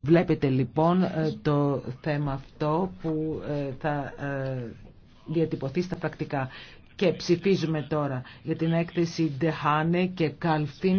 Βλέπετε λοιπόν ε, το θέμα αυτό που ε, θα ε, διατυπωθεί στα πρακτικά. Και ψηφίζουμε τώρα για την έκθεση Ντεχάνε και Κάλφιν